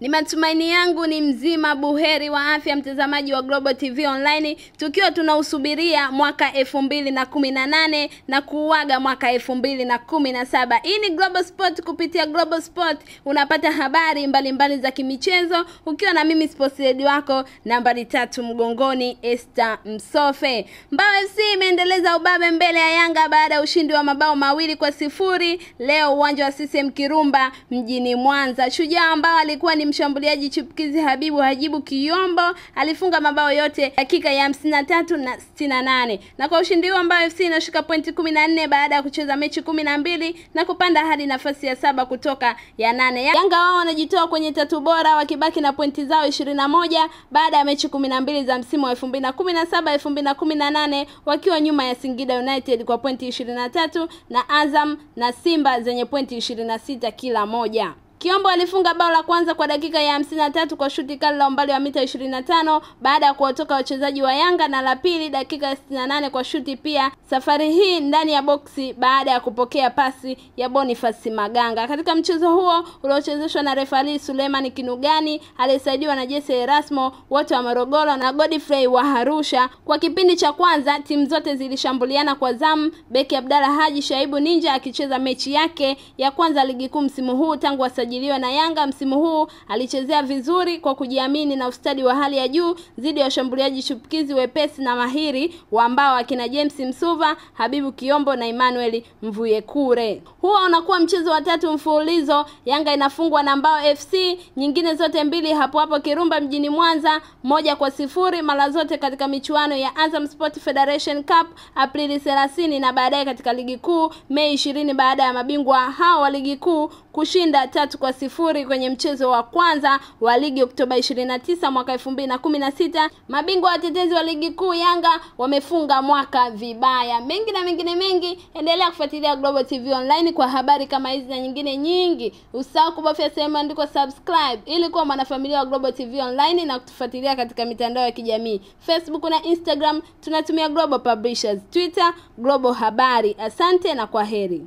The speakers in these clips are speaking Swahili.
Ni matumaini yangu ni mzima buheri wa afya, mtazamaji wa Global TV Online, tukiwa tunausubiria mwaka elfu mbili na kumi na nane na kuuaga mwaka elfu mbili na kumi na saba. Hii ni Global Sport, kupitia Global Sport unapata habari mbalimbali mbali za kimichezo, ukiwa na mimi sports lady wako nambari tatu mgongoni, Esther Msofe. Mbao FC imeendeleza ubabe mbele ya Yanga baada ya ushindi wa mabao mawili kwa sifuri leo uwanja wa CCM Kirumba mjini Mwanza. Shujaa ambao alikuwa ni mshambuliaji chipukizi Habibu Hajibu Kiyombo alifunga mabao yote dakika ya 53 na 68 na kwa ushindi huo ambao FC inashika pointi 14 baada ya kucheza mechi 12 na mbili na kupanda hadi nafasi ya saba kutoka ya nane. Yanga wao wanajitoa kwenye tatu bora wakibaki na pointi zao 21 baada ya mechi 12 za msimu wa 2017 2018 wakiwa nyuma ya Singida United kwa pointi 23 na Azam na Simba zenye pointi 26 kila moja. Kiombo alifunga bao la kwanza kwa dakika ya hamsini na tatu kwa shuti kali la umbali wa mita ishirini na tano baada ya kuwatoka wachezaji wa Yanga na la pili dakika ya sitini na nane kwa shuti pia, safari hii ndani ya boksi baada ya kupokea pasi ya Boniface Maganga. Katika mchezo huo uliochezeshwa na refari Suleiman Kinugani aliyesaidiwa na Jesse Erasmo wote wa Morogoro na Godfrey wa Arusha. Kwa kipindi cha kwanza timu zote zilishambuliana kwa zamu, beki Abdalla Haji Shaibu Ninja akicheza mechi yake ya kwanza ligi kuu msimu huu tangu kusajiliwa na Yanga msimu huu alichezea vizuri kwa kujiamini na ustadi wa hali ya juu dhidi ya washambuliaji shupukizi wepesi na mahiri wa ambao akina James Msuva, Habibu Kiombo na Emmanuel Mvuyekure. Huo unakuwa mchezo wa tatu mfululizo Yanga inafungwa na Mbao FC, nyingine zote mbili hapo hapo Kirumba mjini Mwanza, moja kwa sifuri mara zote katika michuano ya Azam Sport Federation Cup Aprili 30 na baadaye katika ligi kuu Mei 20 baada ya mabingwa hao wa ligi kuu kushinda tatu kwa sifuri kwenye mchezo wa kwanza wa ligi Oktoba 29 mwaka 2016. Mabingwa watetezi wa ligi kuu Yanga wamefunga mwaka vibaya. Mengi na mengine mengi, endelea kufuatilia Global TV Online kwa habari kama hizi na nyingine nyingi. Usahau kubofya sehemu andiko subscribe ili kuwa mwanafamilia wa Global TV Online na kutufuatilia katika mitandao ya kijamii Facebook na Instagram, tunatumia Global Publishers, Twitter Global Habari. Asante na kwa heri.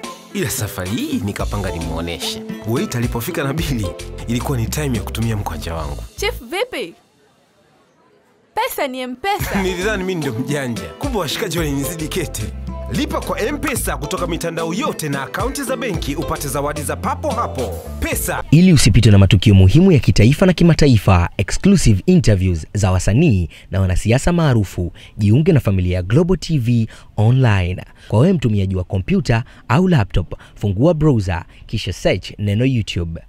ila safari hii nikapanga nimuoneshe. Wait alipofika na bili, ilikuwa ni time ya kutumia mkwanja wangu. Chief vipi? Pesa ni Mpesa. Nilidhani mimi ndio mjanja, kumbe washikaji walinizidi kete. Lipa kwa M-Pesa kutoka mitandao yote na akaunti za benki upate zawadi za papo hapo. Pesa ili usipitwe na matukio muhimu ya kitaifa na kimataifa, exclusive interviews za wasanii na wanasiasa maarufu, jiunge na familia ya Global TV Online. Kwa wewe mtumiaji wa kompyuta au laptop, fungua browser kisha search neno YouTube.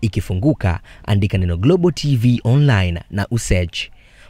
Ikifunguka, andika neno Global TV Online na usearch.